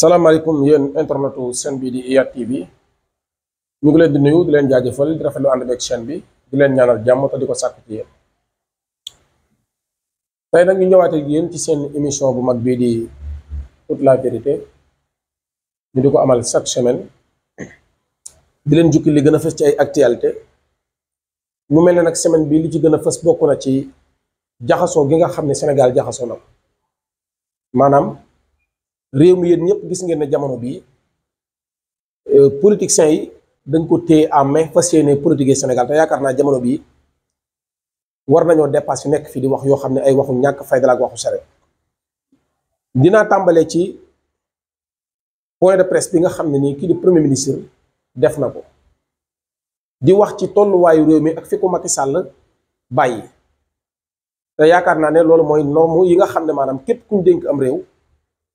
salaamaaleykum yéen internetu chaîne bii di IYAT TV ñu ngi leen di nuyu di leen jaajëfal di rafetlu ànd beeg chaîne bi di leen ñaanal jàmm te di ko sàkk ci yéen tey nag ñu ñëwaat ak ci seen émission bu mag bii di toute la vérité ñu di ko amal chaque semaine di leen jukki li gën a fës ci ay actualité mu mel ne nag semaine bi li ci gën a fës bokk na ci jaxasoo gi nga xam ne Sénégal jaxasoo na maanaam réew mi yéen ñëpp gis ngeen ne jamono bii euh, politiciens yi dañ ko téye en main fas yéene politique Sénégal te yaakaar naa jamono bii war nañoo yu nekk fii di wax yoo xam ne ay waxu ñàkk fayda la ak waxu sare dinaa tàmbalee ci point de presse bi nga xam ne nii kii di premier ministre def na ko di wax ci tolluwaayu réew mi ak fi ko Macky Sall bàyyi te yaakaar naa ne loolu mooy norme yi nga xam ne maanaam képp kuñ dénk am réew.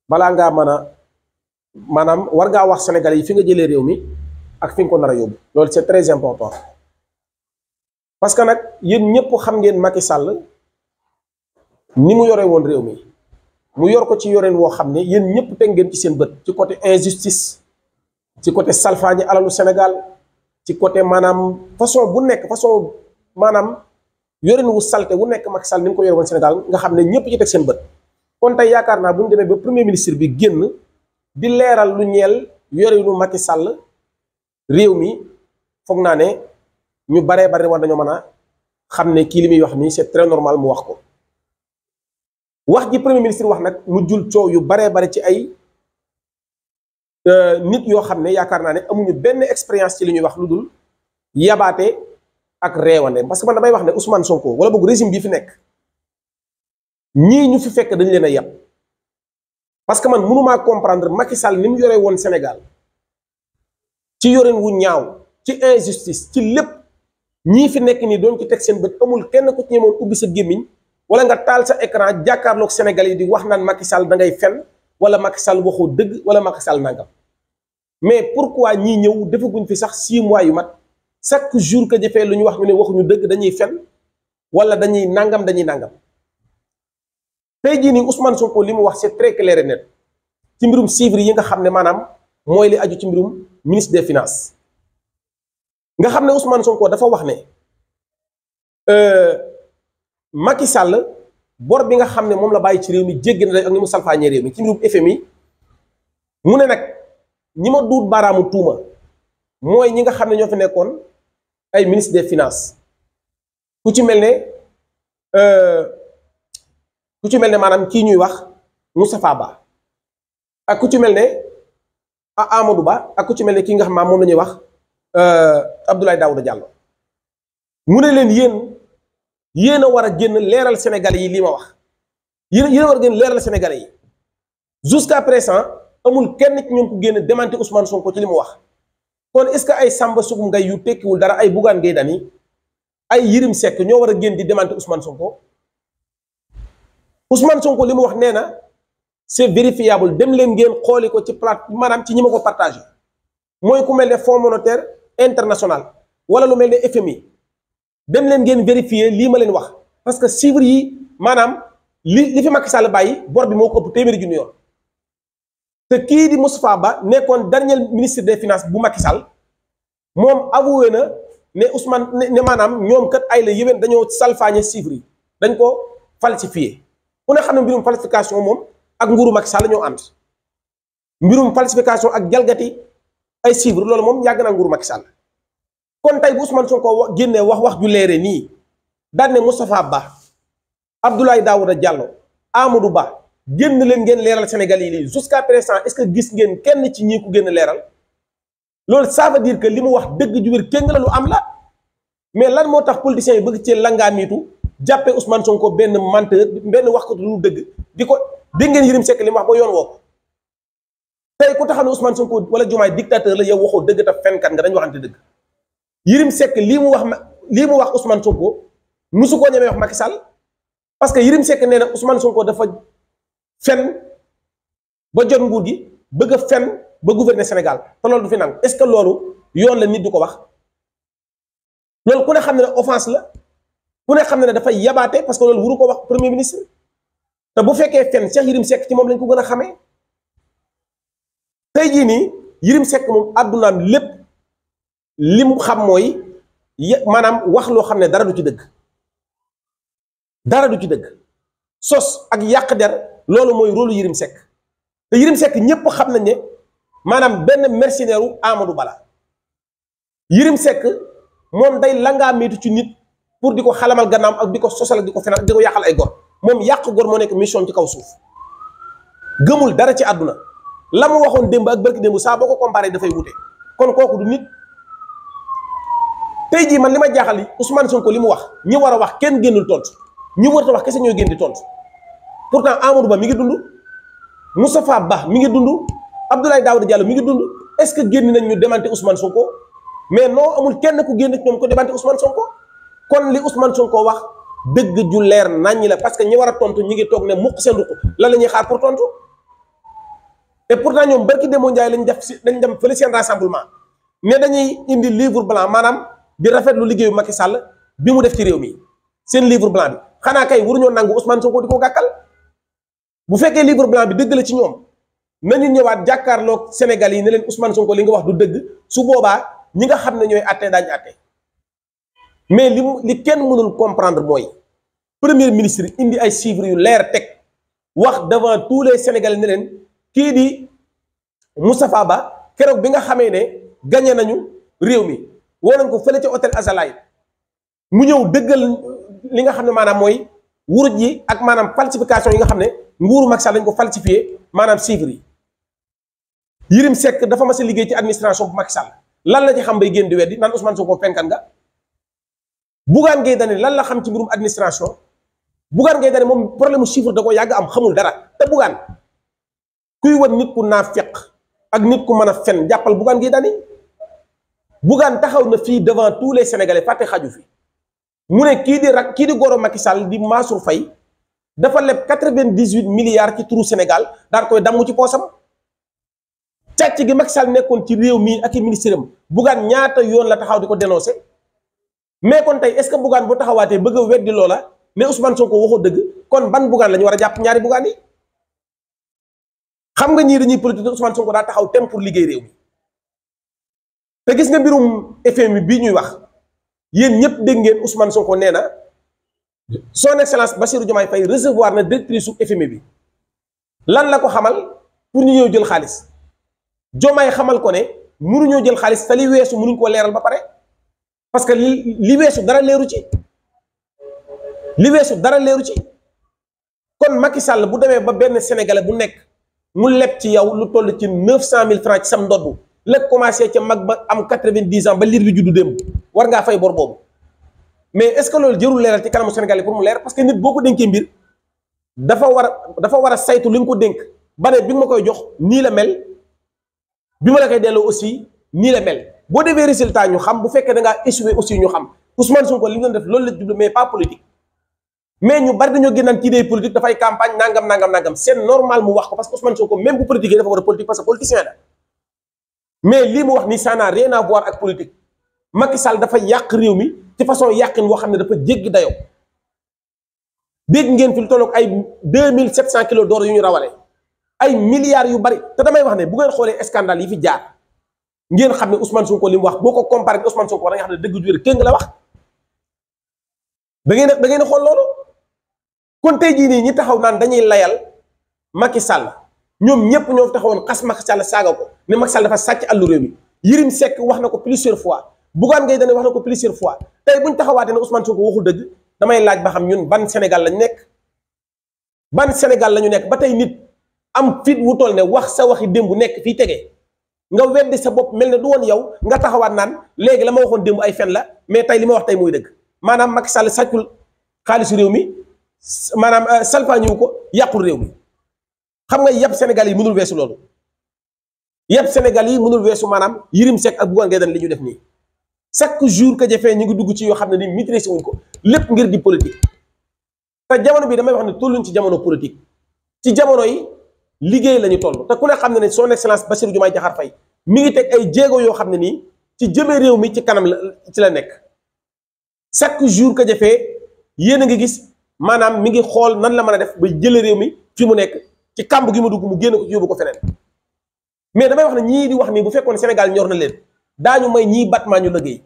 balaa ngaa mën a maanaam war ngaa wax sénégal yi fi nga jëlee réew mi ak fi nga ko nar yóbbu loolu c'est très important parce que nag yéen ñëpp xam ngeen makki Sall ni mu yore woon réew mi mu yor ko ci yoreen woo xam ne yéen ñëpp teg ngeen ci seen bët ci côté injustice ci côté salfaañi alalu Sénégal ci côté maanaam façon bu nekk façon maanaam yoreen wu salte wu nekk Macky Sall ni mu ko yore woon Sénégal nga xam ne ñëpp ci teg seen bët. kon tey yaakaar naa bu ñu demee ba premier ministre bi génn bi leeral lu ñeel yorinu Macky Sall réew mi foog naa ne ñu baree bari war nañoo mën a xam ne kii li muy wax nii c'est très normal mu wax ko wax ji premier ministre wax nag mu jul coow yu baree bari ci ay euh, nit yoo xam ne yaakaar naa ne amuñu benn expérience ci lu ñuy wax lu dul yabaate ak reewande parce que man damay wax ne Ousmane Sonko wala boog régime bi fi nekk. ñii ñu fi fekk dañu leen a yàpp parce que man mënumaa comprendre Macky Sall ni mu yore woon Sénégal ci yorin wu ñaaw ci injustice ci lépp ñii fi nekk nii doon ci teg seen bët amul kenn ku ci ñemoon ubbi sa gémmiñ wala nga taal sa écran jàkkaarlook Sénégal yi di wax naan Macky Sall da ngay fen wala Macky Sall waxoo dëgg wala Macky Sall nangam mais pourquoi ñii ñëw defaguñ fi sax six mois yu mat chaque jour que jëfee lu ñu wax ñu ne waxuñu dëgg dañuy fen wala dañuy nangam dañuy nangam tey ni nii Ousmane Sonko li mu wax c'est très clair et net ci mbirum chiffres yi nga xam ne maanaam mooy li aju ci mbirum ministre de finance nga xam ne Ousmane Sonko dafa wax ne euh, Macky sàll bor bi nga xam ne moom la bàyyi ci réew mi jéggi na day ak ni mu salfaañee réew mi ci mbirum FMI mu ne nag ñi ma duut baaraamu tuuma mooy ñi nga xam ne ñoo fi nekkoon ay ministre des finance ku ci mel ne. Euh, ku ci mel ne maanaam kii ñuy wax Moustapha Ba ak ku ci mel ne Amadou Ba ak ku ci mel ne kii nga xam maam moom la ñuy wax euh, Abdoulaye Daouda jàll mu ne leen yéen yéen a war a génn leeral Sénégalais yi li ma wax yéen yéen war a génn leeral Sénégalais yi jusqu'à présent amul kenn ci ñoom ku génn démentir Ousmane Sonko ci li mu wax kon est-ce que ay Samba Sougou Ngaye yu tekkiwul dara ay Bougane Gueye Dany ay Yirim Seck ñoo war a génn di démentir Ousmane Sonko. Ousmane Sonko li mu wax nee na c'est vérifiable dem leen ngeen xooli ko ci plat maanaam ci ñi ma ko partagé mooy ku mel ne Fonds monétaire international wala lu mel ne FMI dem leen ngeen vérifier lii ma leen wax parce que chiffres yi maanaam li li fi Macky Sall bàyyi bor bi moo ko ëpp téeméeri junni yoon te kii di Moustapha Ba nekkoon dernier ministre des finance bu Macky Sall moom avoué na ne Ousmane ne maanaam ñoom kat ay la yéwén dañoo salfaañe chiffres yi dañ ko falsifié ku ne xam ne mbirum falsification moom ak nguuru Macky Sall ñoo ànd mbirum falsification ak jalgati ay chiffres loolu moom yàgg na nguuru Macky Sall kon tey bu su Ousmane Sonko génnee wax wax ju leere nii daan ne Moustapha Ba Abdoulaye Daouda Diallo Amadou Ba génn leen ngeen leeral Sénégal yi lii jusqu'à présent est-ce que gis ngeen kenn ci ñi ku génn leeral loolu saaba diir dire que li mu wax dëgg ju wér kéng la lu am la mais lan moo tax politiciens yi bëgg cee langaamiitu jàppee Ousmane Sonko benn menteur benn wax ko lu dëgg di ko dégg ngeen Yérim Seck li mu wax ba yoon woo ko tey ku taxaw ne Ousmane Sonko wala Diomaye dictateur la yow waxoo dëgg ta fenkat nga dañu waxante dëgg Yérim sekk lii mu wax lii mu wax Ousmane Sonko musu koo ñemee wax Macky sàll parce que Yérim Seck nee na Ousmane Sonko dafa fen ba jot nguur gi bëgg a fen ba gouverner Sénégal te loolu du fi nangu est-ce que loolu yoon la nit du ko wax loolu ku ne xam ne offense la. ku ne xam ne ne dafay yabaate parce que loolu wuru ko wax premier ministre te bu fekkee fenn Cheikh Yirim sekk ci moom lañ ko gën a xame tey jii nii Yirim sekk moom àddunaam lépp li xam mooy maanaam wax loo xam ne dara du ci dëgg dara du ci dëgg sos ak yàq der loolu mooy rôlu Yirim sekk te Yirim sekk ñépp xam nañ ne maanaam benn mercenaire u Amadou Bala Yirim sekk moom day langaa ci nit pour di ko xalamal gannaam ak di ko sosal ak di ko fenal ak yàqal ay gor moom yàq gor moo nekk mission ci kaw suuf gëmul dara ci àdduna la mu waxoon démb ak barki démb saa boo ko comparé dafay wute kon kooku du nit tey jii man li ma jaaxal yi Ousmane Sonko li mu wax ñi war a wax kenn génnul tontu ñi warta wax kese ñooy génn di tontu pourtant Amadou Ba mi ngi dund Moustapha Ba mi ngi dund Abdoulaye Daouda jàll mi ngi dund est-ce que génn nañ ñu démanté Ousmane Sonko mais non amul kenn ku génn ak ñoom ko démanté Ousmane Sonko. kon li Ousmane Sonko wax dëgg ju leer naññi la parce que ñi war a tontu ñi ngi toog ne mukk seen ruq lan la ñuy xaar pour tontu pour naa ñoom barki Demba Ndiaye lañ def si dañ dem fële seen rassemblement ne dañuy indi livre blanc maanaam di rafetlu liggéeyu Macky Sall bi mu def ci réew mi seen livre blanc bi xanaa kay waruñoo nangu Ousmane ko di ko gàkkal bu fekkee livre blanc bi dëgg la ci ñoom nañu ñëwaat jàkkaarlook Sénégal yi ne leen Ousmane ko li nga wax du dëgg su boobaa ñi nga xam ne ñooy atte daañu atte mais li mu li kenn mënul comprendre mooy premier ministre indi ay chiffres yu leer teg wax devant tous les sénégalais ne leen kii di Moustapha Ba keroog bi nga xamee ne gagné nañu réew mi woo nañ ko fële ca hôtel Azalaï mu ñëw dëggal li nga xam ne maanaam mooy wuruj yi ak maanaam falsification yi nga xam ne nguuru Macky Sall lañ ko falsifié maanaam chiffres yi Yérim Seck dafa ma a liggéey ci administration bu Macky Sall lan la ci xam bay génn di weddi naan Ousmane Sonko fenkan nga Bougane Gueye Dany lan la xam ci mbirum administration Bougane Gueye Dany moom problème mu chiffre da ko yàgg am xamul dara te Bougane kuy wan nit ku naafeq ak nit ku mën a fen jàppal Bougane Gueye Dany Bougane taxaw na fii devant tous les sénégalais fàtte xaju fi mu ne kii di rak kii di goro Macky Sall di Mansour Faye dafa leb quatre-vingt-dix-huit milliards ci turu Sénégal daal koy damm ci poosam càcc gi Macky Sall nekkoon ci réew mi ak i ministère am Bougane ñaata yoon la taxaw di ko dénoncé. mais kon tey est ce que Bougane bu taxawaatee bëgg a weddi loola ne Ousmane Sonko waxoo dëgg kon ban Bougane la war a jàpp ñaari Bougane xam nga ñii dañuy politique Ousmane Sonko daa taxaw tem pour liggéey réew mi te gis nga mbirum FMI bii ñuy wax yéen ñëpp dégg ngeen Ousmane Sonko nee na son ba Bassirou Diomaye Faye recevoir na directrice su FMI bi lan la ko xamal pour ñu ñëw jël xaalis Diomaye xamal ko ne mënuñoo jël xaalis te li weesu mënuñ koo leeral ba pare. parce que li weesu dara leeru ci li weesu dara leeru ci kon Macky Sall bu demee ba benn sénégalais bu nekk mu leb ci yow lu toll ci neuf cent mille francs sam ndodd la commencé ca mag ba am quatre-vingt-dix ans ba liir bi juddu démb war ngaa fay bor boobu mais est-ce jërul leeral ci kanamu sénégalais pour mu leer parce que nit boo ko dénkee mbir dafa war a dafa war a saytu li nga ko dénk ba ne bi nga ma koy jox nii la mel bi ma la koy delloo aussi nii la mel. boo defee résultat ñu xam bu fekkee da ngaa aussi ñu xam Ousmane Sonko li mu doon def loolu la jublu mais pas politique mais ñu bari dañoo génnaan ci idée dafay campagne nangam nangam nangam c'est normal mu wax ko parce que Ousmane Sonko même bu politique dafa war a politique parce que politicien mais lii mu wax ni ça n'a rien à ak politique Macky Sall dafa yàq réew mi ci façon yàqin woo xam ne dafa jéggi dayoo dégg ngeen fi lu tolloog ay deux mille sept cent kilos d'or yu ñu rawale ay yu bari te damay wax ne bu ngeen xoolee scandale yi fi jaar. ngeen xam ne Ousmane Sonko li mu wax boo ko comparé ak Ousmane Sonko da nga xam ne dëgg ju wér la wax da ngeen da ngeen xool loolu kon tey jii nii ñi taxaw naan dañuy layal Macky Sall ñoom ñëpp ñoo taxawoon xas Macky Sall saaga ko ne Macky Sall dafa sàcc àllu réew mi Yérim Seck wax na ko plusieurs fois Bougane Gueye Dany wax na ko plusieurs fois tey buñ ñu taxawaatee ne Ousmane ko waxul dëgg damay laaj ba xam ñun ban Sénégal lañ nekk ban Sénégal la ñu nekk ba tey nit am fit wu toll ne wax sa waxi démb nekk fii tegee nga weddi sa bopp mel ne du woon yow nga taxawaat naan léegi la ma waxoon démb ay fen la mais tey li ma wax tey mooy dëgg maanaam Macky Sall sàccul xaalisu réew mi maanaam euh, salfaañiwu ko yàqul réew mi xam nga yàpp Sénégal yi mënul weesu loolu yàpp Sénégal yi mënul weesu maanaam Yirim Seck ak Bougane Gueye Dany li ñu def nii chaque jour que jafee ñu ngi dugg ci yoo xam ne ni maîtrise wuñ ko lépp ngir di politique te jamono bi damay wax ne tolluñ ci jamono politique ci jamono yi. liggéey la ñu toll te ku ne xam ne ne son excellence Bassirou Diomaye Diakhar Faye mi ngi teg ay jéego yoo xam ne nii ci jëmee réew mi ci kanam la ci la nekk chaque jour ka jafee yéen a ngi gis maanaam mi ngi xool nan la mën a def ba jëlee réew mi fi mu nekk ci kàmb gi mu dugg mu génn ko ci yóbbu ko feneen mais damay wax ne ñii di wax nii bu fekkoon Sénégal ñor na leen daañu may ñii batmaa ñu liggéey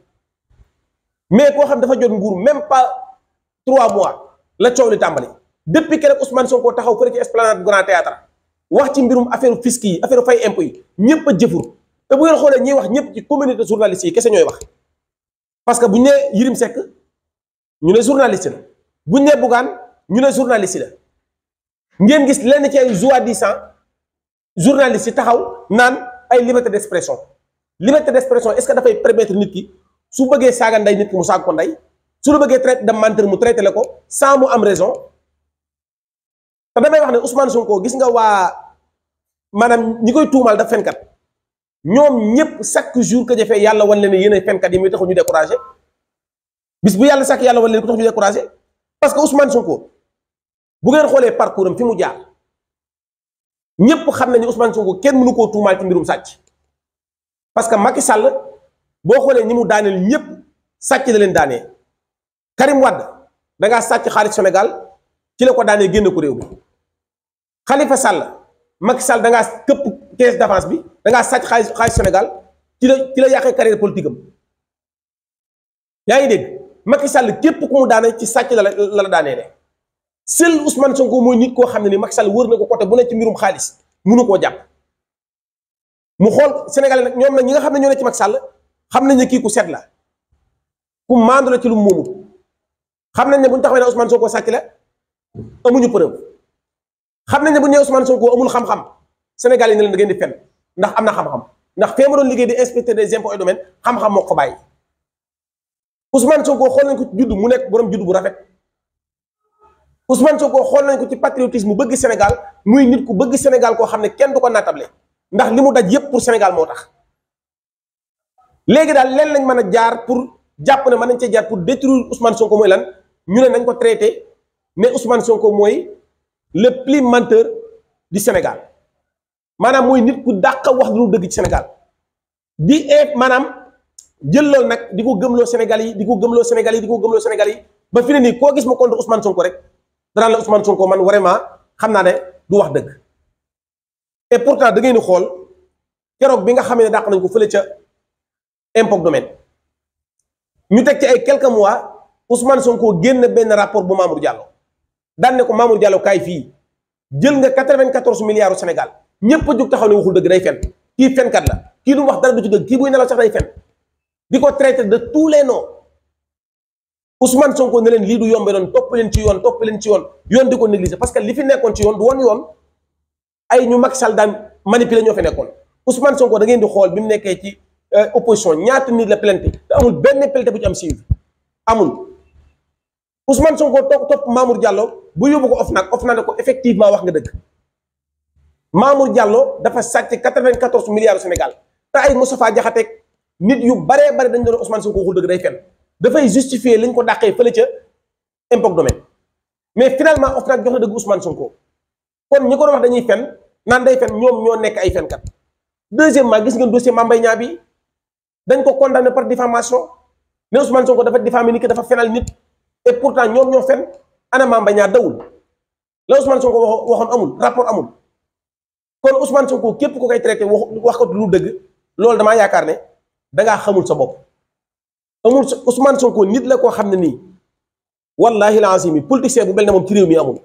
mais koo xam ne dafa jot nguur même pas trois mois la coow li tàmbali depuis keroog Ousmane taxaw fële ci esplanade Grand Théâtre wax ci mbirum affaire fisc yi affaire fay impôt yi ñëpp a jëfur te bu ngeen xoolee ñuy wax ñëpp ci communauté journaliste yi kese ñooy wax parce que bu ñu nee Yirim Seck ñu ne journaliste la bu ñu nee Bougane ñu ne journaliste la ngeen gis lenn ci ay di sant journaliste yi taxaw naan ay liberté d'expression liberté d'expression est-ce que dafay permettre nit ki su bëggee saaga ndey nit ki mu saag ko ndey su la bëggee traité de menteur mu traité la ko sans am raison. te damay wax ne Ousmane Sonko gis nga waa maanaam ñi koy tuumaal daf fenkat ñoom ñëpp chaque jour que jafee yàlla wan leen yéen ay fenkat yi muy taxu ñu découragé bis bu yàlla sàkk yàlla wan leen ko tax ñu découragé parce que Ousmane Sonko bu ngeen xoolee parcours am fi mu jaar ñëpp xam nañu Ousmane Sonko kenn nu koo tuumaal ci mbirum sàcc parce que Macky Sall boo xoolee ñi mu daaneel ñëpp sàcc la leen daanee Karim Wade da ngaa sàcc xaalis Sénégal ci la ko daanee génn ko réew mi Khalifa Sall Macky Sall da ngaa këpp caisse d'avance bi dangaa ngaa sàcc xaalis xaalis Sénégal ci la ci la yàqee carrière politique am yaa ngi dégg Macky Sall képp ku mu daane ci sàcc la la la daanee ne seul Ousmane ko mooy nit koo xam ne ni Macky Sall wër na ko côté bu ne ci mbirum xaalis mënu koo jàpp mu xool Sénégalais nag ñoom na ñi nga xam ne ñoo ne ci mag Sall xam nañ ne kii ku set la ku maandu la ci lu mu xam nañ ne bu ñu taxawee ne Ousmane Sonko sàcc la amuñu preuve. xam nañ ne bu ñu nee Ousmane Sonko amul xam-xam Sénégal yi ne leen da ngeen di fen ndax am na xam-xam ndax fee ma doon liggéey di inspecteur des impôts et domaines xam-xam moo ko bàyyi Ousmane Sonko xool nañ ko ci juddu mu nekk borom juddu bu rafet Ousmane Sonko xool nañ ko ci patriotisme mu bëgg Sénégal muy nit ku bëgg Sénégal koo xam ne kenn du ko naatable ndax li mu daj yépp pour Sénégal moo tax léegi daal leen lañ mën a jaar pour jàpp ne mën nañ cee jaar pour détruire Ousmane Sonko mooy lan ñu ne nañ ko traité ne Ousmane Sonko mooy. le pimenteur di Sénégal maanaam mooy nit ku dàq wax lu dëgg ci Sénégal di e maanaam jël loolu nag di ko gëmloo Sénégal yi di ko gëmloo Sénégal yi di ko gëmloo ba fi ne nii koo gis ma contre Ousmane Sonko rek danaan la Ousmane Sonko man vraiment xam naa ne du wax dëgg et pourtant da ngeen di xool keroog bi nga xamee ne dàq nañ ko fële ca impôt domaine ñu teg ci ay quelques mois Ousmane Sonko génn benn rapport bu Mamour Diallo. daan ne ko Mamour Diallo kaay fii jël nga 94 milliards au Sénégal ñëpp a taxaw ne waxul dëgg day fen kii fenkat la kii du wax dara du ci dëgg kii buy nelaw sax day fen di ko traité de tout les noms Ousmane Sonko ne leen lii du yombe doon topp leen ci yoon topp leen ci yoon yoon di ko négliger parce que li fi nekkoon ci yoon du woon yoon ay ñu Macky Sall daan manipuler ñoo fi nekkoon Ousmane Sonko da ngeen di xool bi mu nekkee ci euh, opposition ñaata nit la amul benn plainte bu ci am amul Ousmane Sonko topp topp Mamour Diallo. bu yóbbu ko OFNAC OFNAC ne ko effectivement wax nga dëgg Mamour jàlloo dafa sàcc quatre-vingt-quatorze milliards Sénégal te ay Moustapha Diakhaté nit yu baree bare dañ doon Ousmane Sonko waxul dëgg day fenn dafay justifier liñ ko dàqee fële ca impôt domaine mais finalement OFNAC jox na dëgg Ousmane Sonko kon ñi ko doon wax dañuy fenn naan day fenn ñoom ñoo nekk ay fenkat deuxièmement gis ngeen dossier Mame Mbaye bi dañ ko condamné par diffamation ne Ousmane Sonko dafa diffamé nit ki dafa fenal nit et pourtant ñoom ñoo fen ana Mame Mbaye Niang dawul la Ousmane Sonko waxoon amul rapport amul kon Ousmane Sonko képp ko koy traité wax wax ko lu dëgg loolu damaa yaakaar ne dangaa xamul sa bopp amul Ousmane Sonko nit la koo xam ne nii wallaahi la azim politicien bu mel ne moom ci réew mi amul.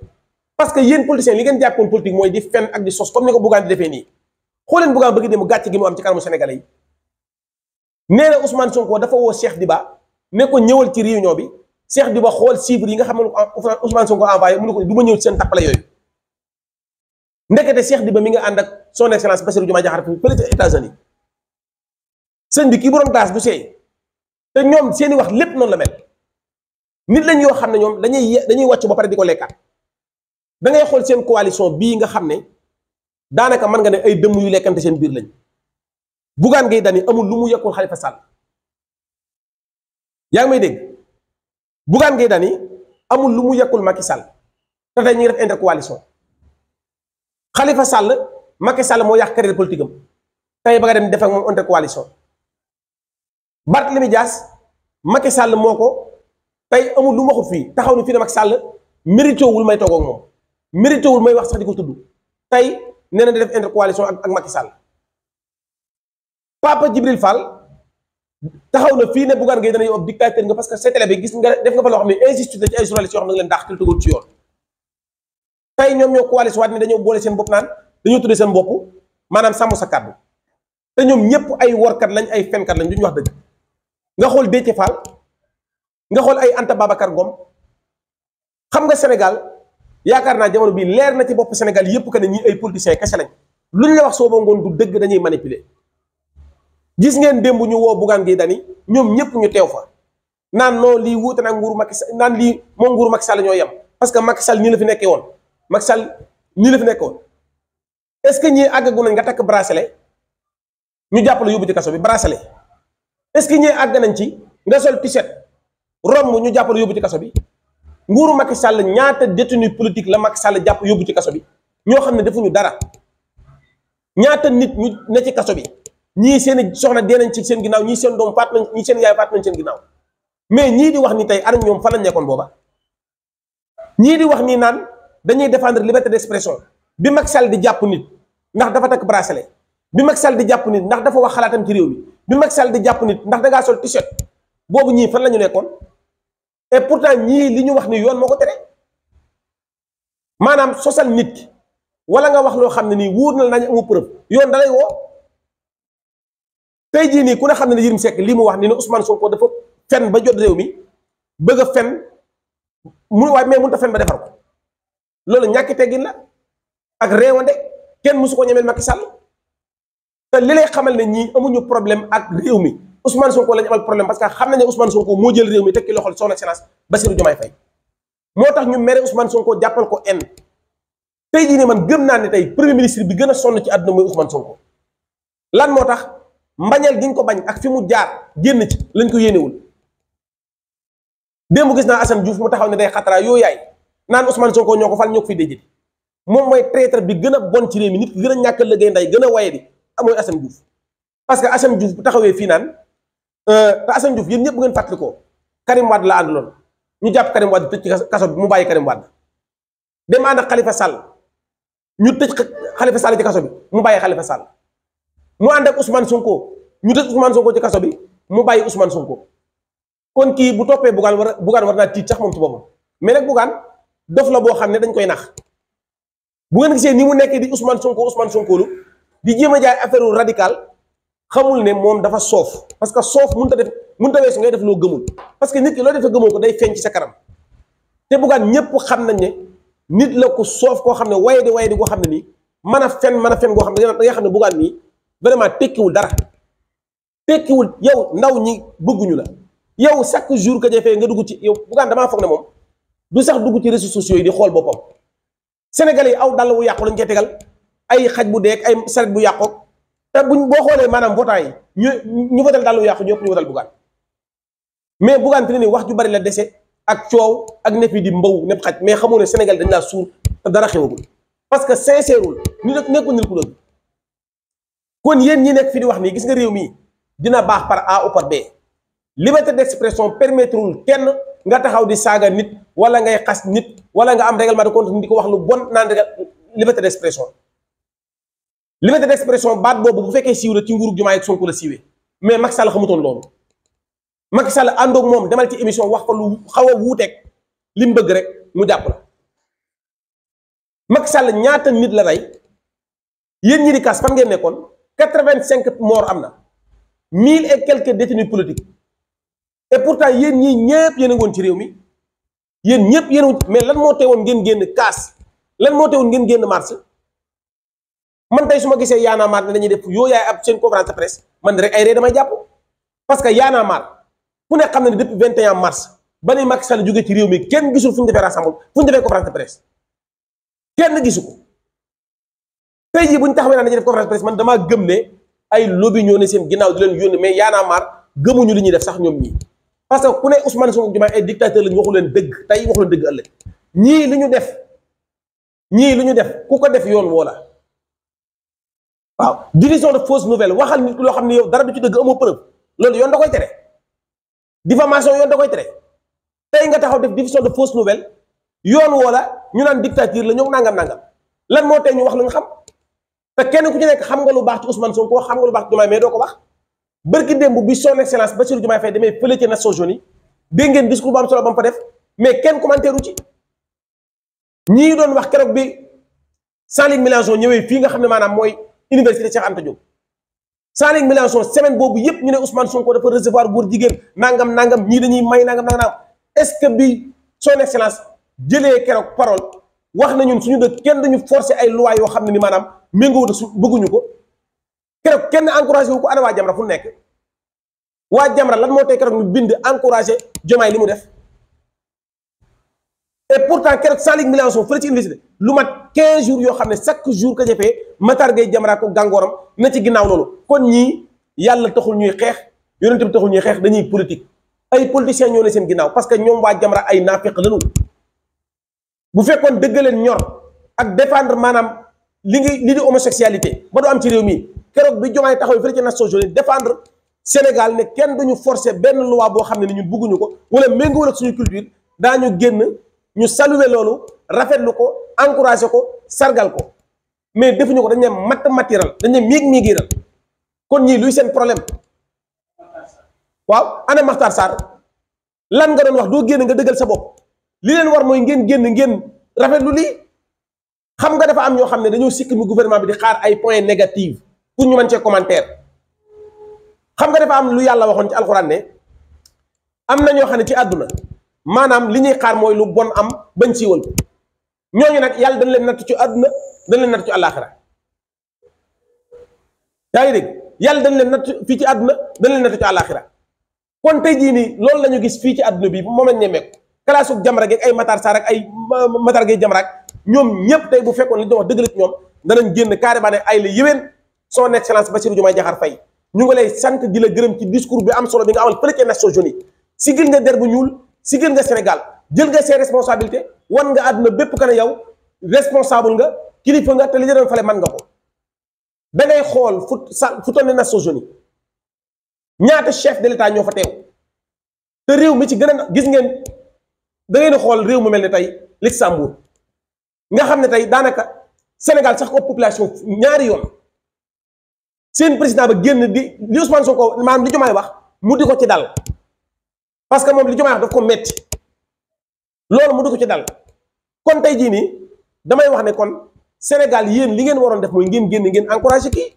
parce que yéen politiciens li ngeen jàppoon politique mooy di fen ak di sos comme ni ko Bougane di defee nii xooleen Bougane bëgg dem gàcce gi mu am ci kanamu Sénégalais yi nee na Ousmane Sonko dafa woo Cheikh Diba ne ko ñëwal ci réunion bi. Cheikh Diba xool chiffres yi nga xam ne Ousmane Sonko envoyé mu ne ko du ma ñëw ci seen tappale yooyu ndekete Cheikh Diba mi nga ànd ak son excellence Bassirou Diomaye Diakhar fële ca États-Unis sëñ bi kii borom glace du seey te ñoom seeni wax lépp noonu la lañ yoo xam ne ñoom dañuy dañuy wàcc ba pare di ko lekkaat da ngay xool seen coalition bii nga xam ne daanaka mën nga ne ay dëmm yu lekkante seen biir lañ bugaan ngay dani amul lu mu yekkul Khalifa Sall yaa ngi may dégg. Bougane Gueye Dany amul lu mu yekkul Macky Sall te tey ñu ngi def intercoalition Khalifa Sall Macky Sall moo yàq carrière politique am tey ba nga dem def ak moom intercoalition Barthélémy Dias Macky Sall moo ko tey amul lu mu waxut fii taxaw ni fii ne Macky sàll mérité wul may toog ak moom mérité may wax sax di ko tudd tey nee na di def intercoalition ak ak Macky Sall Papa Djibril Fall. taxaw na fii ne Bougane Gueye danañu ab dictateur nga parce que seetale bi gis nga def nga fa loo xam ne injustice la ci ay journalistes yoo xam ne leen daax til tugul ci yoon tey ñoom ñoo coalition waat ni dañoo boole seen bopp naan dañoo tuddee seen bopp maanaam sàmm sa kàddu te ñoom ñëpp ay workat lañ ay fenkat lañ duñu wax dëgg nga xool Déthié Fall nga xool ay Anta Babacar Ngom xam nga Sénégal yaakaar naa jamono bii leer na ci bopp Sénégal yëpp que ne ñi ay politiciens kese lañ luñ la wax soo ba ngoon du dëgg dañuy manipuler gis ngeen démb ñu woo Bougane Gueye Dany ñoom ñëpp ñu teew fa naan non lii wuute na nguuru Macky naan lii moo nguuru Macky Sall ñoo yem parce que Macky Sall ñu la fi nekkee woon Macky Sall nii la fi nekkee woon ce que ñii àggagu nañ nga takk bracelet ñu jàpp la yóbbu ci kaso bi bracelet est ce que ñii àgg nañ ci nga sol t-shirt ñu jàpp la ci kaso bi nguuru Macky Sall ñaata détenu politique la Macky Sall jàpp yóbbu ci kaso bi ñoo xam ne defuñu dara ñaata nit ñu ne ci kaso bi. ñii seen soxna dee ci seen ginnaaw ñii seen doom faat nañ ñii seen yaay faat nañ seen ginnaaw mais ñii di wax ni tey ana ñoom fan lañ nekkoon booba ñii di wax nii naan dañuy défendre liberté d'expression bi Macky Sall di jàpp nit ndax dafa takk bracelet bi Macky Sall di jàpp nit ndax wax xalaatam ci réew mi bi Macky Sall di jàpp nit ndax dangaa sol t-shirt boobu ñii fan la ñu nekkoon et pourtant ñii li ñu wax ni yoon moo ko tere maanaam sosal nit ki wala nga wax loo xam ne nii wóor na la nañ amu preuve yoon dalay woo tey jii nii ku ne xam ne ne Yérim sekk lii mu wax ni ne Ousmane Sonko dafa fen ba jot réew mi bëgg a fen mu waaye mais mënut a fen ba defar ko loolu ñàkk teggin la ak réewande kenn mësu ko ñemeel Macky Sall te li lay xamal ne ñii amuñu problème ak réew mi Ousmane Sonko lañu amal problème parce que xam nañ ne Ousmane Sonko moo jël réew mi te tekki loxol son excellence Bassirou Diomaye Faye moo tax ñu mere Ousmane Sonko jàppal ko en tey jii nii man gëm naa ne tey premier bi gën a sonn ci àdduna mooy Ousmane Sonko moo tax. mbañeel gi ñu ko bañ ak fi mu jaar génn ci lañ ko yéenewul mu gis naa Assane Diouf mu taxaw ne day xataraa yoo yaay naan Ousmane Sonko ñoo ko fal ñoo ko fi dee jëli moom mooy traître bi gën a bon ci réew mi nit gën a ñàkk liggéey nday gën a waye bi amooy Assane Diouf parce que Assane Diouf bu taxawee fii naan euh, te Assane Diouf yéen ñëpp bu ngeen fàttalikoo Karim Wade la lool ñu jàpp Karim Wade tëj ci kaso bi mu bàyyi Karim Wade dem ànd xalifa Khalifa Sall ñu tëj Khalifa Sall ci kaso bi mu bàyyi Khalifa Sall mu ànd ak Ousmane Sonko ñu tëj Ousmane Sonko ci kaso bi mu bàyyi Ousmane Sonko kon kii bu toppee Bougane war Bougane war naa tiit sax moom ci boppam mais nag Bougane dof la boo xam ne dañ koy nax bu ngeen ni mu nekk di Ousmane Sonko Ousmane Sonko lu di jéem a jaay affaire radical xamul ne moom dafa soof parce que soof a def mënut a weesu ngay def loo gëmul parce que nit ki loo defee gëmoo ko day feeñ sa kanam te Bougane ñëpp xam nañ ne nit la ko soof koo xam ne waye xam ne nii mën a fen mën a fen koo xam ne da nga xam ne Bougane nii vraiment tekkiwul dara tekkiwul yow ndaw ñi bëgguñu la yow chaque jour que jafee nga dugg ci yow bugaan damaa foog ne moom du sax dugg ci réseaux sociaux yi di xool boppam sénégalais yi aw dàll wu yàqu lañ koy tegal ay xaj bu dee ay saret bu yàqoog te buñ boo xoolee maanaam votant yi ñu ñu votal dàll wu yàqu ñëpp ñu votal bugaan mais bugaan fi ne nii wax ju bari la dese ak coow ak nepp yi di mbaw xaj mais xamoo ne Sénégal dañ laa suur te dara parce que sincèrement ni nag nekkul nit ku dëgg kon yéen ñi nekk fi di wax nii gis nga réew mii dina baax par A ou par B liberté d'expression permettrewul kenn nga taxaw di saaga nit wala ngay xas nit wala nga am règlement de compte di ko wax lu bon naan liberté d'expression liberté d'expression baat boobu bu fekkee siiw la ci nguurug Diomaye ak Sonko la siiwee mais Macky Sall xamutoon loolu Macky Sall àndoog moom demal ci émission wax ko lu xaw a wuuteeg li mu bëgg rek mu jàpp la Macky Sall ñaata nit la rey yéen ñi di kas fan ngeen nekkoon. quatre-vingt-cinq morts am na mille et quelques détenus politiques et pourtant yéen ñii ñëpp yéen a ngoon ci réew mi yéen ñëpp yéen a mais lan moo woon ngeen génn kaas lan moo teewoon ngeen génn marche man tey su ma gisee Y'en a marre ne dañuy def yoo yaay ab seen conférence de presse man rek ay ree damay jàpp parce que Y'en a marre ku ne xam ne depuis 21 mars ba ni Macky Sall jóge ci réew mi kenn gisul fu ñu defee rassemblement fu ñu defee conférence de kenn gisu ko. tey jii bu ñu taxawee naan dañuy def conférence presse man damaa gëm ne ay lobby ñoo ne seen ginnaaw di leen yónni mais yaanaa maar gëmuñu li ñuy def sax ñoom ñii parce que ku ne Ousmane Sonko Diomaye ay dictateur lañu waxu leen dëgg tey waxu leen ñii li ñu def ñii li ñu def ku ko def yoon woo la waaw diffusion de fausse nouvelle waxal nit loo xam ne yow dara du ci dëgg amoo preuve loolu yoon da koy tere diffamation yoon da koy tere tey nga taxaw def diffusion de fausse nouvelle yoon woo la ñu naan dictature la ñoom nangam nangam lan moo tey ñu wax la nga xam. te kenn ku ci nekk xam nga lu baax ci Ousmane Sonko xam nga lu baax ci Diomaye mais doo ko wax bërki démb bi son excellence Bassirou Diomaye Faye demee fële ca Nations ngeen discours bu am solo ba mu fa def mais kenn commentaire u ci ñii doon wax keroog bi Jean-Luc ñëwee fii nga xam ne maanaam mooy université Cheikh Anta Diop jean semaine boobu yëpp ñu ne Ousmane Sonko dafa recevoir góor jigéen nangam nangam ñii dañuy may nangam nangam est-ce que bi son excellence jëlee keroog parole. wax nañun suñu dëkk kenn dañu force ay loi yoo xam ne ni maanaam méngoo te su bëgguñu ko keroog kenn encouragé wu ko ana waa Jamra fu nekk waa Jamra lan moo tey keroog ñu bind encouragé Diomaye li mu def et pourtant keroog Jean-Luc Mélenchon fële ci université lu mat 15 jours yoo xam ne chaque jour ka jëfee Matar Gueye Jamra ko gàngooram na ci ginnaaw loolu kon ñii yàlla taxul ñuy xeex yonent bi taxul ñuy xeex dañuy politique ay politiciens ñoo ne parce que ñoom waa Jamra ay naafeq lañu bu fekkoon dëgg leen ñor ak défendre maanaam li ngi li di homosexualité ba du am ci réew mi keroog bi Diomaye taxaw fële ci Nations Unies défendre Sénégal ne kenn du ñu forcer benn loi boo xam ne ni ñun bëgguñu ko wala méngoowul ak suñu culture ñu génn ñu saluer loolu rafetlu ko encourager ko sargal ko mais defuñu ko dañ ne matt mattiral dañ ne miig miigiral kon ñii luy seen problème waaw ana Makhtar Sarr lan nga doon wax doo génn nga dëggal sa bopp li leen war mooy ngeen génn ngeen lu lii xam nga dafa am ñoo xam ne dañoo sikk mu gouvernement bi di xaar ay points négative pour ñu mën cee commentaire xam nga dafa am lu yàlla waxoon ci alxuraan ne am na ñoo xam ne ci àdduna maanaam li ñuy xaar mooy lu bon am bañ siiwal ko ñooñu nag yàlla dañ leen natt ci àdduna dañ leen natt ci àllaaxira yaa ngi dégg yàlla dañ leen natt fii ci àdduna dañ leen natt ci kon tey jii nii loolu la ñu gis fii ci àdduna bi moom lañ ñemeeku kalaasu Jamra ak ay Matar Sarr ak ay Matar Gueye Jamra ñoom ñëpp tey bu fekkoon li doon wax dëgg la ci ñoom danañ génn carrément ne ay la yéwén son excellence Bassirou Diomaye Diakhar fay ñu ngi lay sant di la gërëm ci discours bi am solo bi nga amal fële ca si gën sigil nga der bu ñuul si sigil nga Sénégal jël nga ses responsabilités wan nga àdduna bépp ka ne yow responsable nga kilifa nga te li doon fale man nga ko da ngay xool fu sa fu toll ne Nations Unies de l'État ñoo fa te réew mi ci gën a gis ngeen. da ngeen xool réew mu mel ni tey Luxembourg nga xam ne tey daanaka Sénégal sax ko population ñaari yoon seen président ba génn di li Ousmane Sonko maanaam li Diomaye wax mu di ko ci dal parce que moom lu Diomaye wax daf ko metti loolu mu di ko ci dal kon tey jii nii damay wax ne kon Sénégal yéen li ngeen waroon def mooy ngeen génn ngeen encouragé kii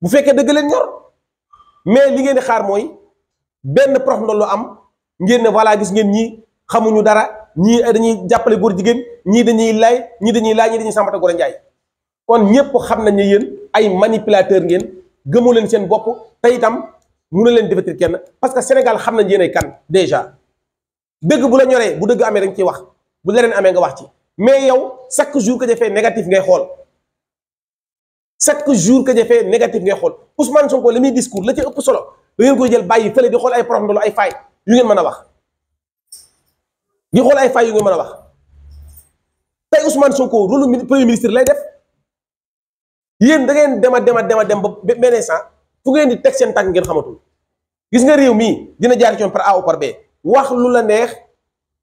bu fekkee dëgg leen ñor mais li ngeen di xaar mooy benn prof ndox lu am ngeen ne voilà gis ngeen ñi xamuñu dara ñii dañuy jàppale góor jigéen ñii dañuy lay ñii dañuy laaj ñii dañuy sàmbata góor a njaay kon ñëpp xam nañ ne yéen ay manipulateur ngeen gëmoo leen seen bopp te itam ne leen défatir kenn parce que Sénégal xam nañ yéen ay kan déjà dëgg bu la ñoree bu dëgg amee dañ ciy wax bu leneen amee nga wax ci mais yow chaque jour que jafee négatif ngay xool chaque jour que jafee négatif ngay xool Ousmane Sonko li muy discours la ci ëpp solo da ngeen koy jël bàyyi fële di xool ay prof ay faay yu ngeen mën a wax. ñu xool ay fay yu nga mën a wax tey Ousmane Sonko rôle premier ministre lay def yéen da ngeen dem a dem dem a dem ba beneen sens fu ngeen di teg seen tànk ngeen xamatul gis nga réew mii dina jaar ci yoon par A ou par wax lu la neex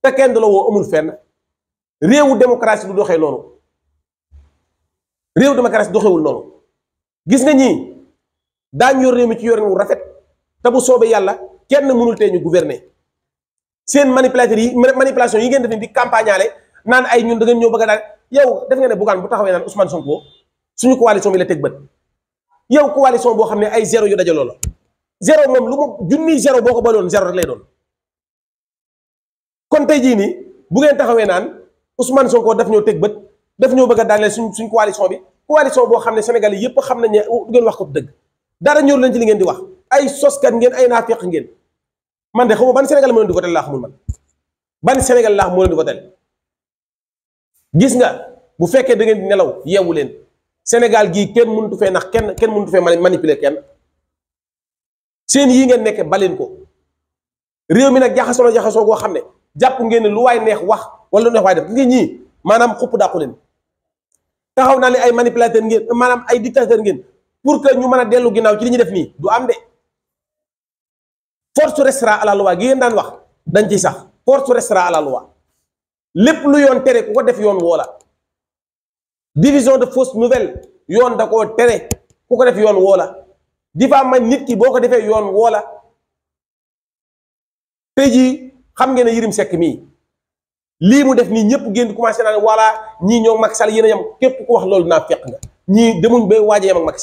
te kenn du la woo amul fenn réewu démocratie du doxee noonu réewu démocratie doxewul noonu gis nga ñii daañu yor réew mi ci yorin wu rafet te bu soobee yàlla kenn mënul tee ñu gouverner. seen manipulateur yi manipulation yi ngeen def di campagne ale naan ay ñun da ngeen ñëw bëgg a daal yow def nga ne Bougane bu taxawee naan Ousmane Sonko suñu coalition bi la teg bët yow coalition boo xam ne ay zéro yu dajaloo la zéro moom lu mu junniy zéro boo ko boloon zéro lay doon kon tey jii nii bu ngeen taxawee naan Ousmane Sonko daf ñoo teg bët daf ñoo bëgg a daaneel suñ suñ coalition bi coalition boo xam ne Sénégal yi yëpp xam nañ ne oh, ngeen wax ko dëgg dara ñëw leen ci li ngeen di wax ay soskat ngeen ay naafeq ngeen. man de xaw ban Sénégal moo leen di voté laa xamul man ban Sénégal laa moo leen di voté gis nga bu fekkee da ngeen di nelaw yeewu leen Sénégal gii kenn mënutu fee nax kenn kenn mënutu fee manipuler kenn seen yii ngeen nekkee baleen ko réew mi nag jaxasoo na jaxasoo goo xam ne jàpp ngeen ne lu waay neex wax wala lu neex waay def nga ñii maanaam xupp dàqu leen taxaw naa ne ay manipulateur ngeen maanaam ay dictateur ngeen pour que ñu mën a dellu ginnaaw ci li ñu def nii du am force restera à la loi daan wax dañ ciy sax force restera à lépp lu yoon tere ku ko def yoon woola division de fausse nouvelle yoon da koo tere ku ko def yoon woola difaama nit ki boo ko defee yoon woola tey ji xam ngeen ne Yérim Seck mii lii mu def nii ñëpp génn commencé naa ne voilà ñii ñoo Macky Sall yéen a yem képp ku wax loolu naa fekk nga ñii demuñ bay waaj a yem ak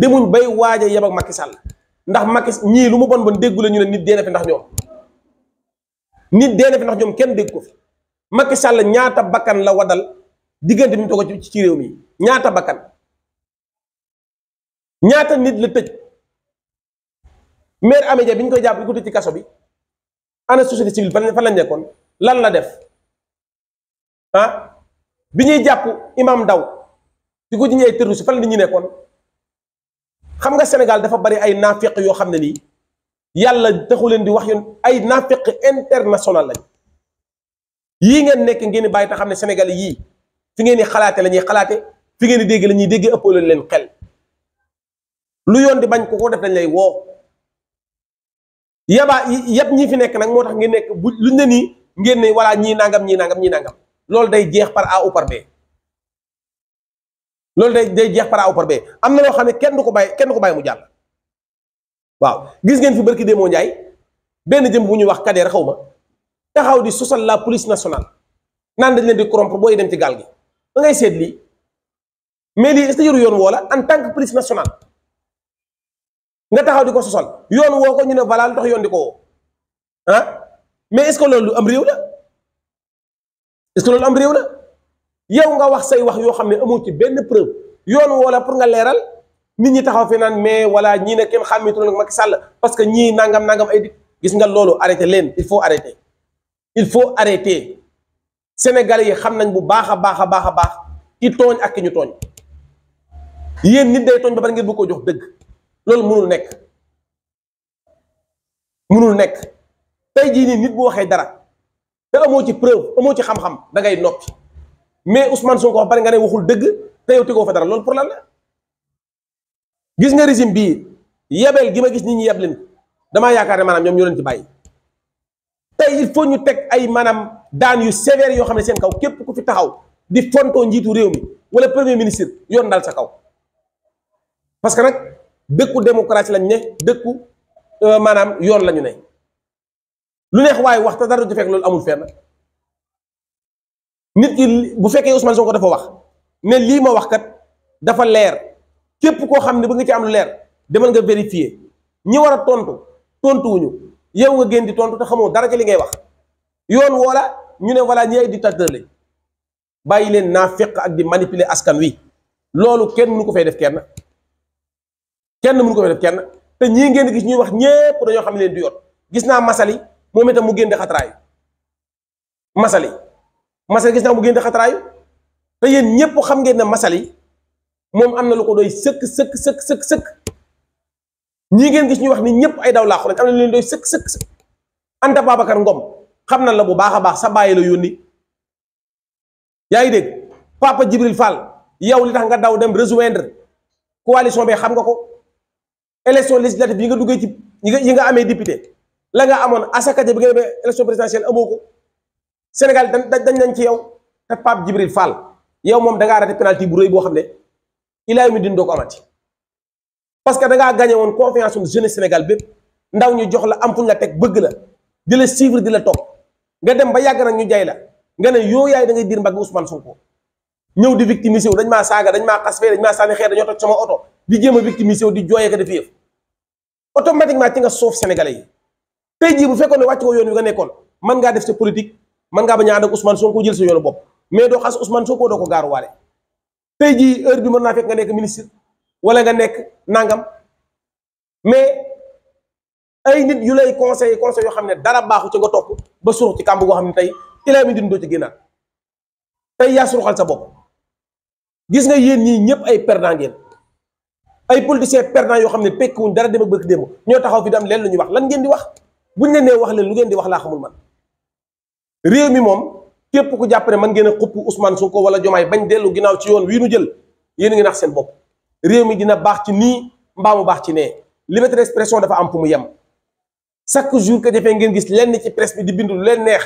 demuñ bay waaj a yem ak Sall ndax Macky ñii lu mu bon bon déggu la ñu ne nit dee na fi ndax ñoom nit dee fi ndax ñoom kenn dégg ko fi Macky Sall ñaata bakkan la wadal diggante bi mu toog ci ci réew mi ñaata bakkan ñaata nit la tëj maire Amédia bi ñu koy jàpp di ko tëj ci kaso bi ana société civile fan lañ la nekkoon lan la def ah. bi ñuy jàpp imam Ndaw di ko jiñee terroriste fan la nit ñi nekkoon. xam nga Sénégal dafa bari ay naafeq yoo xam ne nii yàlla taxu leen di wax yoon ay naafeq international lañ yii ngeen nekk ngeen bàyyi te xam ne Sénégal yii fi ngeen di xalaate la ñuy xalaate fi ngeen dégg la ñuy dégg ëppale leen xel lu yoon di bañ ko ko def dañ lay woo yabaa yëpp ñi fi nekk nag moo tax ngeen nekk bu luñ ne nii ngeen ne walla ñii nangam ñii nangam ñii nangam loolu day jeex par A ou par B. loolu day day jeex par A ou B am na loo xam ne kenn du ko bàyyi kenn du mu jàll waaw gis ngeen fi barki Démo Ndiaye benn jëm bu ñuy wax Kader xaw ma taxaw di sosal la police national naan dañ leen di corrompre booy dem ci gaal gi da ngay seet lii mais lii est-ce yoon woo la en tant que police nga taxaw di ko sosal yoon woo ko ñu ne voilà lu yoon di ko woo ah mais est loolu am réew la est loolu am réew la. yow nga wax say wax yoo xam ne amoo ci benn preuve yoon wala pour nga leeral nit ñi taxaw fi naan mais wala ñii ne kenn xàmmitu nag Macky Sall parce que ñii nangam nangam ay dit gis nga loolu arrêté leen il faut arrêter il faut arrêter sénégal yi xam nañ bu baax a baax a baax a baax ki tooñ ak ki ñu tooñ yéen nit day tooñ ba pare ngeen bëgg ko jox dëgg loolu mënul nekk mënul nekk tey jii nii nit bu waxee dara te amoo ci preuve amoo ci xam-xam da ngay noppi. mais Ousmane Sonko wax bari nga ne waxul dëgg te yow tegoo fa dara loolu problème la gis nga régime bi yebeel gi ma gis nit ñi yeb leen damaa yaakaar ne maanaam ñoom ñoo leen ci bàyyi tey il faut ñu teg ay maanaam daan yu sévère yoo xam ne seen kaw képp ku fi taxaw di fontoo njiitu réew mi wala premier ministre yoon daal sa kaw parce que nag dëkku démocratie lañ ne dëkku euh, maanaam yoon la ñu ne lu neex waaye wax te dara defee fekk loolu amul fenn. nit ki bu fekkee Ousmane ko dafa wax ne lii ma wax kat dafa leer képp koo xam ne ba ngi ci am lu leer demal nga vérifier ñi war a tontu tontuwuñu yow nga génn di tontu te xamoo dara ci li ngay wax yoon wala ñu ne voilà ñi ay dictateur lañ bàyyi leen naa fekk ak di manipuler askan wi loolu kenn mënu ko fay def kenn kenn mënu ko def kenn te ñii ngeen gis ñuy wax ñépp dañoo xam ne leen du yoon gis naa Massaly moom itam mu génn di xatraay Massaly masal gis naa mu génn xataraayu te yéen ñëpp xam ngeen ne masal yi moom am na lu ko doy sëkk sëkk sëkk sëkk sëkk ñii ngeen gis ñu wax ni ñëpp ay daw laa lañ am na lu leen doy sëkk sëkk sëkk Anta Babacar Ngom xam na la bu baax a baax sa bàyyi la yónni yaa ngi dégg Papa Djibril Fall yow li tax nga daw dem rejoindre coalition bi xam nga ko élection législative yi nga duggee ci yi nga amee député la nga amoon asakaja bi nga demee élection présidentielle amoo ko. Sénégal dañ dañ nañ ci yow te Pape Djibril Fall yow moom dangaa ngaa raté bu rëy boo xam ne ilaa mi dindoo ko amati parce que da ngaa gagné woon confiance suñu jeunesse Sénégal bépp ndaw ñu jox la am fuñ la teg bëgg la di la suivre di la topp nga dem ba yàgg nag ñu jay la nga ne yoo yaay da ngay diir mbagg Ousmane Sonko ñëw di victimisé wu dañ maa saaga dañ maa xas fee dañ maa sànni xeer dañoo toj sama oto di jéem a victimisé wu di jooyee ko def yëf automatiquement ci nga soof sénégalais yi tey jii bu fekkoon ne wàcc ko yoon wi nga nekkoon mën ngaa def sa politique man ngaa bañ a ànd ak Ousmane Sonko jël sa yoonu bopp mais doo xas Ousmane Sonko doo ko gaaruwaale tey jii heure bi mën naa fekk nga nekk ministre wala nga nekk nangam mais ay nit yu lay conseil conseil yoo xam ne dara baaxu ci nga topp ba surux ci kàmb goo xam ne tey ilaa mi din doo ci génnaat tey yaa suruxal sa bopp gis nga yéen ñii ñëpp ay perdant ngeen ay politiciens perdant yoo xam ne tekkiwuñ dara dem ak bëgg démb ñoo taxaw fi di am leen lu ñuy wax lan ngeen di wax buñ leen nee wax leen lu ngeen di wax laa xamul man réew mi moom képp ku jàpp man ngeen xupp xupp Ousmane ko wala Jomaay bañ dellu ginnaaw ci yoon wii nu jël yéen a ngi nax seen bopp réew mi dina baax ci nii mbaa mu baax ci nee liberté d'expression dafa am fu mu yem chaque jour que jafee ngeen gis lenn ci presse bi di bindu lu leen neex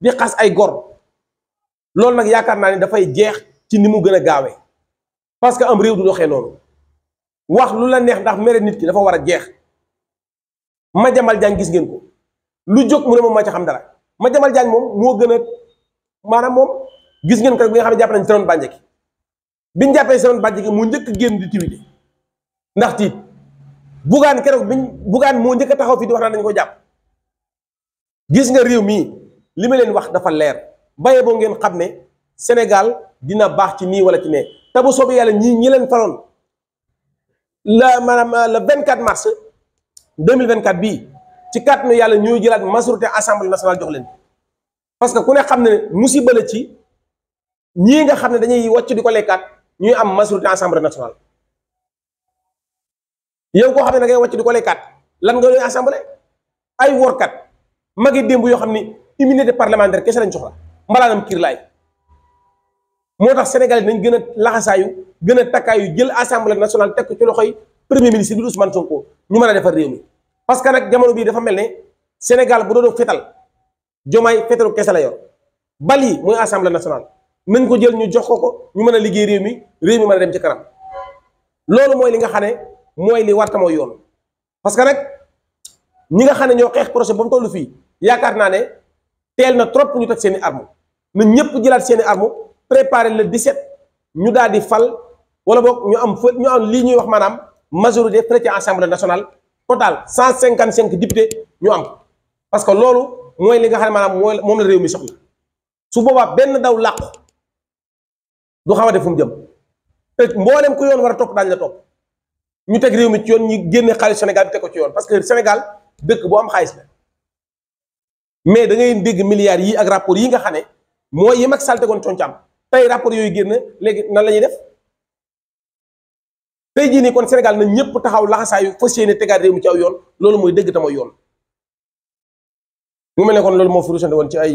di xas ay gor loolu nag yaakaar naa ne dafay jeex ci ni mu gën a gaawee parce que am réew du doxee noonu wax lu la neex ndax mere nit ki dafa war a jeex ma jamal jaan gis ngeen ko lu jóg mu moom moo xam dara. Madiambal Diagne moom moo gën a maanaam moom gis ngeen ko bi nga xam ne jàpp nañ Sérone Bandiaky bi ñu jàppee Sérone mu njëkk génn di tiwite ndax tiit bugaan keroog biñ bugaan moo njëkk taxaw fii di wax ko jàpp gis nga réew mii li ma leen wax dafa leer baye boo ngeen xam ne Sénégal dina baax ci nii wala ci ne te bu soobee yàlla ñii ñi leen faloon la maanaam euh, le 24 mars 2024 bii ci kàttanu yàlla ñooy jëlaat majorité assemblée nationale jox leen parce que ku ne xam ne musiba la ci ñii nga xam ne dañuy wàcc di ko lekkaat ñuy am majorité assemblée nationale yow koo xam ne dangay ngay wàcc di ko lekkaat lan nga doon assemblée ay workat magi démb yoo xam ne immunité parlementaire kese lañ soxla mbalaanam kiir laay moo tax Sénégal yi nañ gën a laxasaayu gën a takkaayu jël assemblée nationale teg ko ci loxoy premier ministre bi Ousmane Sonko ñu mën a defar réew mi parce que nag jamono bii dafa mel ne Sénégal bu doon fetal jomaay fetalu kese la yor bal yi mooy assemblée nationale nañ ko jël ñu jox ko ko ñu mën a liggéey réew mi réew mi mën a dem ci kanam loolu mooy li nga xam ne mooy li warta mooy yoon parce que nag ñi nga xam ne ñoo xeex projet ba mu toll fii yaakaar naa ne teel na trop ñu teg seen i arme na ñëpp jëlaat seen i arme préparer le 17 ñu daal di fal wala boog ñu am fa ñu am lii ñuy wax maanaam majorité fële ci assemblée total 155 députés ñu am parce que loolu mooy li nga xam ne maanaam mooy moom la réew mi soxla su boobaa benn daw làqu du xamante fu mu jëm te mboolem ku yoon war a topp daañu la topp ñu teg réew mi ci yoon ñu génne xaalis Sénégal bi teg ko ci yoon parce que Sénégal dëkk boo am xaalis la mais da ngay dégg milliards yi ak rapport yi nga xam ne mooy yi mag salté goon concam tey rapport yooyu génne léegi na la ñuy def tey jii nii kon Sénégal nañ ñëpp taxaw laxasaayu fas yéene tegaat réew mi ci aw yoon loolu mooy dëgg tama yoon ñu mel ne kon loolu moo fi rusante woon ci ay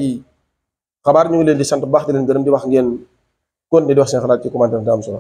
xabaar ñu ngi leen di sant baax di leen gërëm di wax ngeen kon di wax seen xalaat ci commentaire da am solo